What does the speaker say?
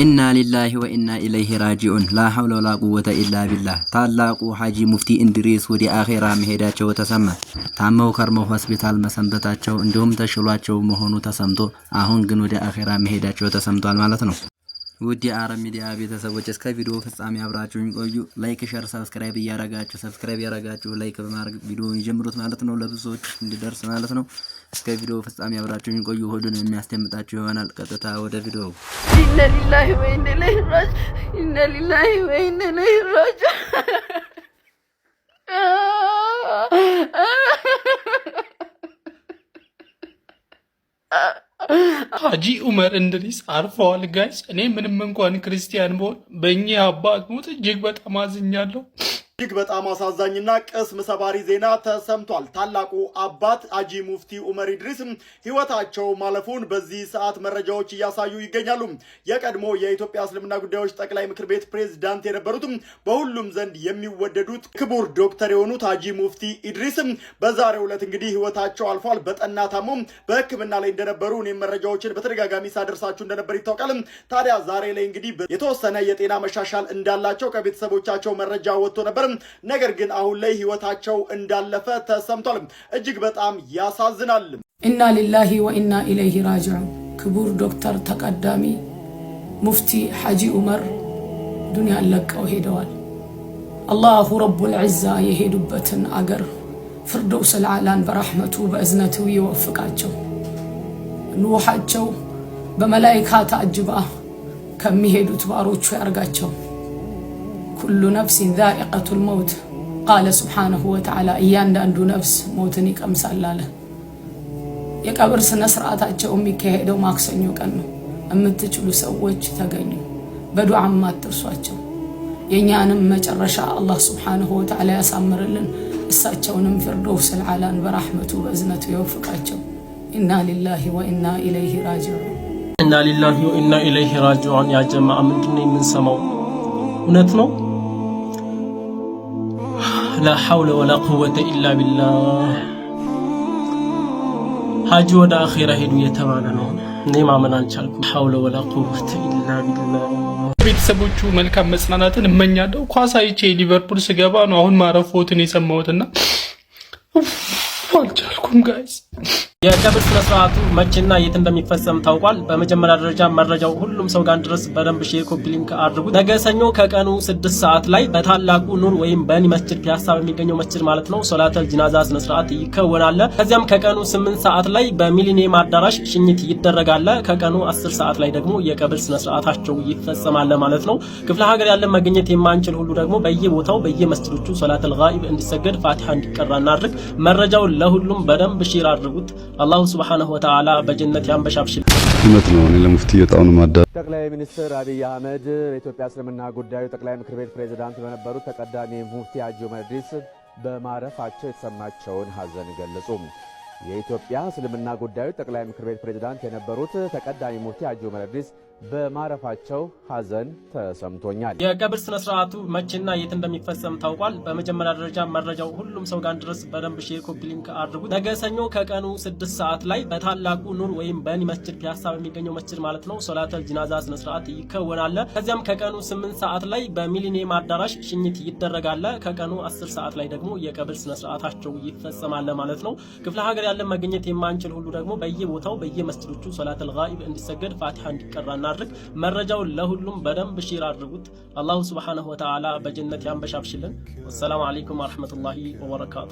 ኢና ሊላሂ ወኢና ኢለይህ ራጂዑን ላ ሐውለ ወላ ቁወተ ኢላ ቢላህ። ታላቁ ሐጂ ሙፍቲ እንድሪስ ወደ አኼራ መሄዳቸው ተሰማ። ታመው ከርመው ሆስፒታል መሰንበታቸው እንዲሁም ተሽሏቸው መሆኑ ተሰምቶ አሁን ግን ወደ አኼራ መሄዳቸው ተሰምቷል ማለት ነው። ውድ የአረብ ሚዲያ ቤተሰቦች እስከ ቪዲዮ ፍጻሜ አብራችሁ የሚቆዩ ላይክ፣ ሸር፣ ሰብስክራይብ እያረጋችሁ ሰብስክራይብ ያረጋችሁ ላይክ በማድረግ ቪዲዮ የጀምሩት ማለት ነው፣ ለብዙ ሰዎች እንዲደርስ ማለት ነው። እስከ ቪዲዮ ፍጻሜ አብራችሁ የሚቆዩ ሆዱን የሚያስደምጣችሁ ይሆናል። ቀጥታ ወደ ቪዲዮ። ኢነ ሊላሂ ወኢነ ኢለይሂ ኢነ ሊላሂ ወኢነ ኢለይሂ ራጅ ሀጂ ኡመር እንድሪስ አርፈዋል። ጋይስ እኔ ምንም እንኳን ክርስቲያን በሆን በእኚህ አባት ሞት እጅግ በጣም አዝኛለሁ። እጅግ በጣም አሳዛኝና ቅስም ሰባሪ ዜና ተሰምቷል። ታላቁ አባት አጂ ሙፍቲ ኡመር ኢድሪስ ህይወታቸው ማለፉን በዚህ ሰዓት መረጃዎች እያሳዩ ይገኛሉ። የቀድሞ የኢትዮጵያ እስልምና ጉዳዮች ጠቅላይ ምክር ቤት ፕሬዝዳንት የነበሩትም በሁሉም ዘንድ የሚወደዱት ክቡር ዶክተር የሆኑት አጂ ሙፍቲ ኢድሪስ በዛሬው ዕለት እንግዲህ ህይወታቸው አልፏል። በጠና ታሞ በህክምና ላይ እንደነበሩ እኔም መረጃዎችን በተደጋጋሚ ሳደርሳችሁ እንደነበር ይታወቃል። ታዲያ ዛሬ ላይ እንግዲህ የተወሰነ የጤና መሻሻል እንዳላቸው ከቤተሰቦቻቸው መረጃ ወጥቶ ነበር። ነገር ግን አሁን ላይ ህይወታቸው እንዳለፈ ተሰምቷል። እጅግ በጣም ያሳዝናል። ኢና ሊላሂ ወኢና ኢለይሂ ራጅዑን። ክቡር ዶክተር ተቀዳሚ ሙፍቲ ሐጂ ዑመር ዱንያን ለቀው ሄደዋል። አላሁ ረቡል ዕዛ የሄዱበትን አገር ፍርዶው አዕላን በራሕመቱ በእዝነቱ ይወፍቃቸው። ንውሓቸው በመላይካ ታጅባ ከሚሄዱት ባሮቹ ያርጋቸው። ኩሉ ነፍሲን ዛኢቀቱል መውት ቃለ ስብሓነሁ ወተዓላ እያንዳንዱ ነፍስ ሞትን ይቀምሳል አለ። የቀብር ስነ ስርዓታቸው የሚካሄደው ማክሰኞ ቀን ነው። የምትችሉ ሰዎች ተገኙ፣ በዱዓም አትርሷቸው። የእኛንም መጨረሻ አላህ ስብሓነሁ ወተዓላ ያሳምርልን፣ እሳቸውንም ፊርደውስ ልዓላን በራሕመቱ በእዝነቱ የወፍቃቸው። ኢና ሊላሂ ወኢና ኢለይሂ ራጂዑን። ኢና ሊላሂ ወኢና ኢለይሂ ራጂዑን። ያጀማ ምንድነው የምንሰማው? እውነት ነው ላ ሐውለ ወላ ቁወተ ኢላ ቢላህ። ሀጂ ወደ አኼራ ሄዱ እየተባለ ነው። እኔ ማመን አልቻልኩም። ሐውለ ወላ ቁወተ ኢላ ቢላህ። ቤተሰቦቹ መልካም መጽናናትን እመኛለሁ። ኳስ አይቼ ሊቨርፑል ስገባ ነው አሁን ማረፎትን የሰማሁትና አልቻልኩም ጋይስ የቀብር ስነ ስርዓቱ መቼና የት እንደሚፈጸም ታውቋል። በመጀመሪያ ደረጃ መረጃው ሁሉም ሰው ጋር ድረስ በደንብ ሼር ኮፒ ሊንክ አድርጉት። ነገ ሰኞ ከቀኑ ስድስት ሰዓት ላይ በታላቁ ኑር ወይም በኒ መስጅድ ፒያሳ በሚገኘው መስጅድ ማለት ነው ሶላተል ጂናዛ ስነ ስርዓት ይከወናል። ከዚያም ከቀኑ ስምንት ሰዓት ላይ በሚሊኒየም አዳራሽ ሽኝት ይደረጋል። ከቀኑ አስር ሰዓት ላይ ደግሞ የቀብር ስነ ስርዓታቸው ይፈጸማል ማለት ነው። ክፍለ ሀገር ያለን መገኘት የማንችል ሁሉ ደግሞ በየቦታው በየመስጅዶቹ ሶላተል ጋኢብ እንዲሰገድ ፋቲሃ እንዲቀራ እናድርግ። መረጃውን ለሁሉም በደንብ ሼር አድርጉት። አላሁ ስብሓነሁ ወተዓላ በጀነት ያንበሻብሽል። እውነት ነው። እኔ ለሙፍቲ የጣውን ማዳ ጠቅላይ ሚኒስትር አብይ አህመድ በኢትዮጵያ እስልምና ጉዳዩ ጠቅላይ ምክር ቤት ፕሬዚዳንት በነበሩት ተቀዳሚ ሙፍቲ ሀጂ ዑመር ኢድሪስ በማረፋቸው የተሰማቸውን ሀዘን ገለጹ። የኢትዮጵያ እስልምና ጉዳዩ ጠቅላይ ምክር ቤት ፕሬዚዳንት የነበሩት ተቀዳሚ ሙፍቲ ሀጂ ዑመር ኢድሪስ በማረፋቸው ሐዘን ተሰምቶኛል። የቀብር ስነ ስርዓቱ መቼና የት እንደሚፈጸም ታውቋል። በመጀመሪያ ደረጃ መረጃው ሁሉም ሰው ጋር ድረስ በደንብ ሼር፣ ኮፒ ሊንክ አድርጉት። ነገ ሰኞ ከቀኑ ስድስት ሰዓት ላይ በታላቁ ኑር ወይም በኒ መስጅድ ፒያሳ በሚገኘው መስጅድ ማለት ነው ሶላተል ጂናዛ ስነ ስርዓት ይከወናል። ከዚያም ከቀኑ ስምንት ሰዓት ላይ በሚሊኒየም አዳራሽ ሽኝት ይደረጋል። ከቀኑ አስር ሰዓት ላይ ደግሞ የቀብር ስነ ስርዓታቸው ይፈጸማል ማለት ነው። ክፍለ ሀገር ያለን መገኘት የማንችል ሁሉ ደግሞ በየቦታው በየመስጅዶቹ ሶላተል ጋኢብ እንዲሰገድ ፋቲሃ እንዲቀራና ስናደርግ መረጃውን ለሁሉም በደንብ ሼር አድርጉት። አላሁ ስብሓነሁ ወተዓላ በጀነት ያንበሻብሽልን። ወሰላሙ አለይኩም ወረሕመቱላሂ ወበረካቱ።